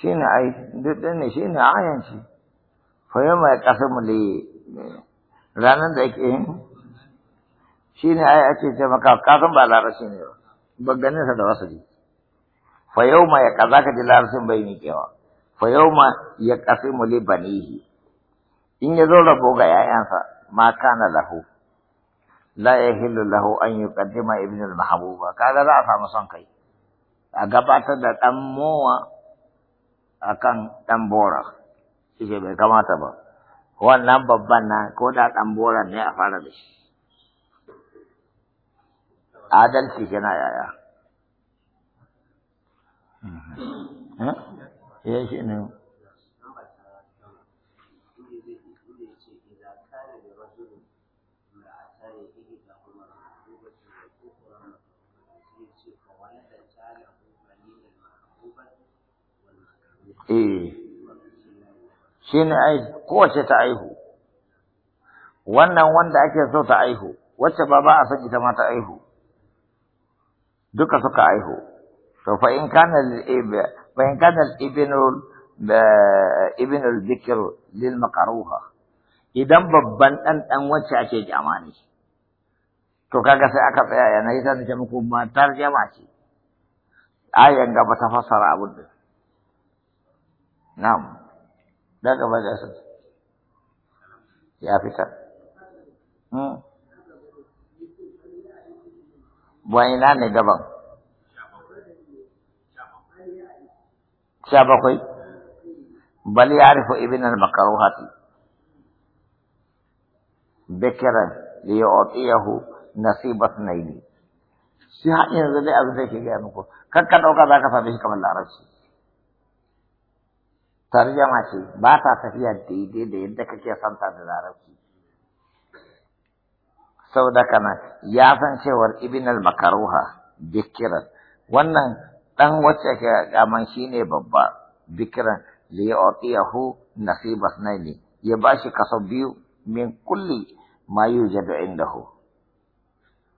shi ne ai duk ne shi ne ayan shi fa yau mai ƙasa mu le ranar da ake yin shi ne ai ake ce maka kasan ba larashi ne ba ba ganin sa da wasu ji fa yau ma ya kaza ka ji larashin bai ni kewa fa yau ma ya ƙasa mu le banihi in ya zo rabo ga 'ya'yansa ma kana lahu la hilu lahu an yuqaddima ibn al-mahbuba kaga za a samu son kai a gabatar da ɗan mowa akan ɗan bora shi bai kamata ba wannan babban na ko da ɗan bora ne a fara da shi adalci yana yaya ya shi ne eh shi ne ai kowace ta aihu wannan wanda ake so ta aihu wacce ba ba a san ita ma ta aihu duka suka aihu to fa in kana fa in kana ibnul ibnul dhikr lil maqruha idan babban dan dan wacce ake kyama ne to kaga sai aka tsaya yana yasa nake muku matar jama ce ayan gaba ta fassara abin da Na'am. Daga baga sa. Ya fita. Hmm. Wani na ne daban. Sha bakwai. Bal ya rufe ibn al-makaruhati. Bikiran liya'tiyahu nasibat naili. Shi har yanzu dai abin da ke gaya muku. Kakka ɗauka za ka same shi kamar larabci. tarjama ce ba ta tafiya daidai da yadda kake santa da larabci da kana ya san cewar ibn al-makaruha bikiran wannan dan wacce ke shi shine babba bikiran li yu'tiyahu nasibas naini ya bashi kaso biyu min kulli ma yujadu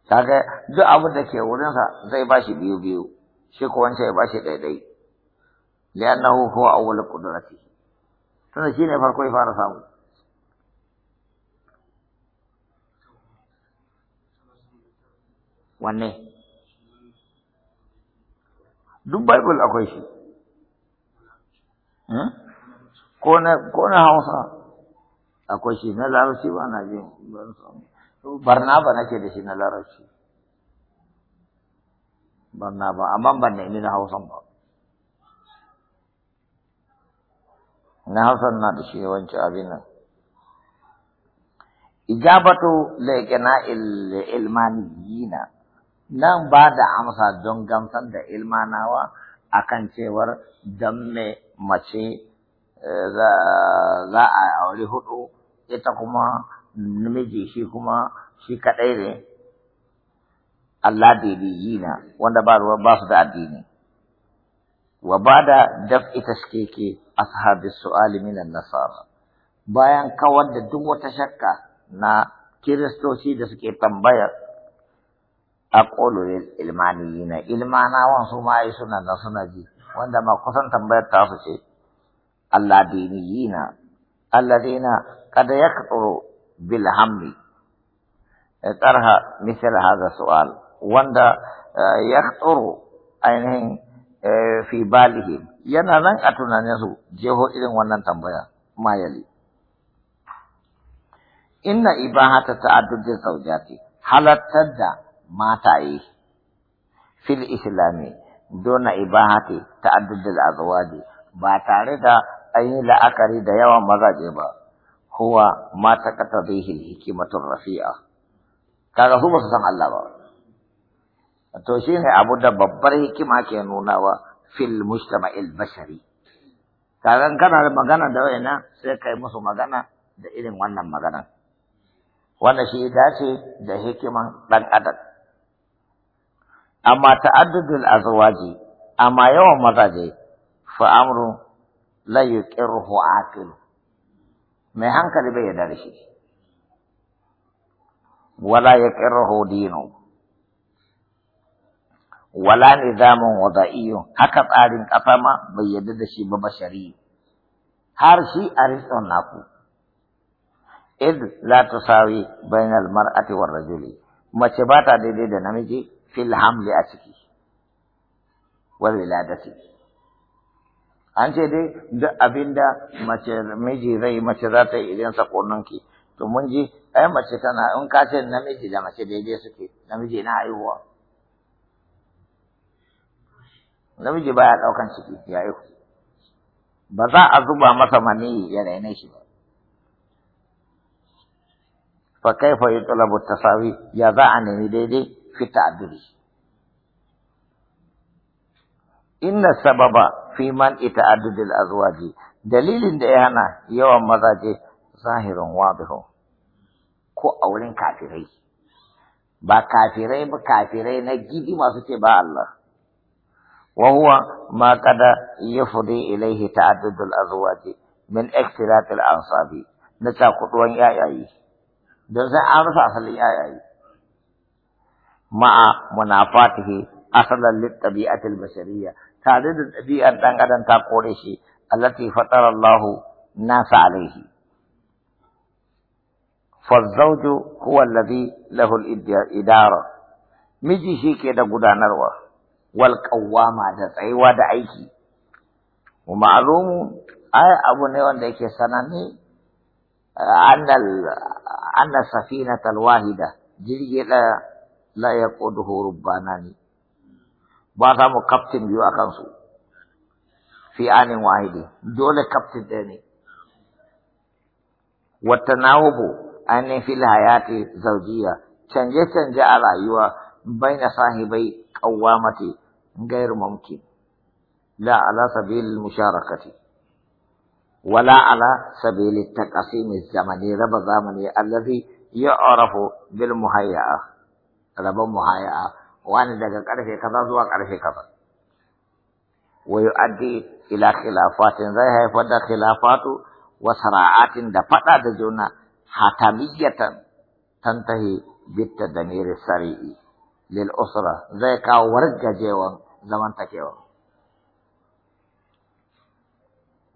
ta kaga duk abin da ke wurinsa zai bashi biyu biyu shi ko ya bashi ɗaiɗai li'annahu huwa awwal qudratihi tunda shine farko wanne duk bible akwai shi ko na hausa akwai shi na larabci ba na jin ban samu barna ba nake da shi na larabci barna ba amma ban nemi na hausan ba na hausan na da shi wancan abin nan ijabatu laikina ilmaniyina nan ba da amsa don gamsar da ilmanawa akan cewar dan me mace eh, za a aure hudu ita kuma namiji shi kuma shi kadai ne Allah na wanda ba ruwa ba su da addini wa ba da daf'i tashkeke أصحاب السؤال من النصارى bayan kawar da duk wata shakka na kiristoci da suke tambayar a ƙololin ilmaniyi na ilmanawan su ma yi suna na suna ji wanda ma kusan tambayar ta su ce Allah diniyi na alladina kada ya kaɗoro bil hammi tsarha misal haza su'al wanda ya kaɗoro ainihin Eh, fi balihi yana nan a tunaninsu jeho irin wannan tambaya mayali inna ibahata ta'addudin saujati halattar da mataye fil islami dona ibahati ta'addudin azwaji ba tare da an yi la'akari da yawan mazaje ba huwa mata taqata bihi rafi'a kaga su ba su san Allah ba To shi ne abu da babbar hikima ke nunawa fil al bashari. Kagan kana da magana da wa'ina sai kai musu magana da irin wannan magana. Wanda shi dace da hikiman ɗan adam. Amma ta'addudul azwaji, amma yawan mazaje fa amru la yuqirruhu aqil. Mai hankali bai yarda da shi. Wala yuqirruhu dinu. wala ne wada iyo? haka tsarin ƙasa ma bai yadda da shi ba bashari har shi a ariston naku id la tusawi bainal mar'ati war rajuli mace ba ta daidai da namiji fil hamli a ciki wal wiladati an ce dai duk abinda mace miji zai mace za ta yi idan sakonnin ki to mun ji ai mace tana in ka ce namiji da mace daidai suke namiji na haihuwa namiji baya ɗaukan ciki ya ihu ba za a zuba masa mani ya raine shi ba fa kaifa yutlabu tasawi ya za a nemi daidai fi ta'dili inna sababa fi man ita'addud azwaji dalilin da ya hana yawan mazaje zahirin wadihu ko a wurin kafirai ba kafirai ba kafirai na gidi masu ce ba Allah وهو ما قد يفضي إليه تعدد الأزواج من اختلاط الأنصاب نتاقض يا يا دوزا عرف أصل يأيي مع منافاته أصلا للطبيعة البشرية تعدد الطبيعة تنقدن تقوليشي التي فطر الله ناس عليه فالزوج هو الذي له الإدارة ميجي شيكي دا قدانروا wal qawwama da tsayuwa da aiki Mu ma'lumu ai abu ne wanda yake sananne annal anna safinatal wahida jirgi da la yaquduhu rubbanani ba za mu kaftin biyu a kansu fi anin wahidi dole kaftin ɗaya ne wata nawubu ainihin fil hayati zaujiya canje-canje a rayuwa bai na sahibai القوامة غير ممكن لا على سبيل المشاركة ولا على سبيل التقسيم الزمني رب الزمني الذي يعرف بالمهيئة رب مهيئة وأن دقا قرفي كذا زوا قرفي كذا ويؤدي إلى خلافات ذي فدى خلافات وصراعات دفتا دجونا حتمية تنتهي بالتدمير السريع lil usra zai kawo wargajewan zamantakewa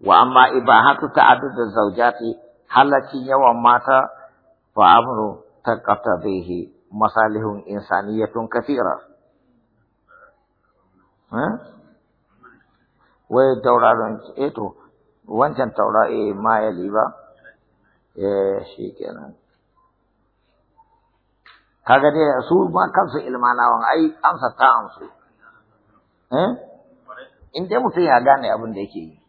wa amma ibahatu ta'addud zawjati halakin yawan mata fa amru bihi masalihun insaniyatun kafira. Eh? wai tauraron eto eh wancan taurari ma ya liba eh shi kenan kaga dai su ma kansu ilmanawan ai amsa ta amsu eh? in dai mutum ya gane abin da yake yi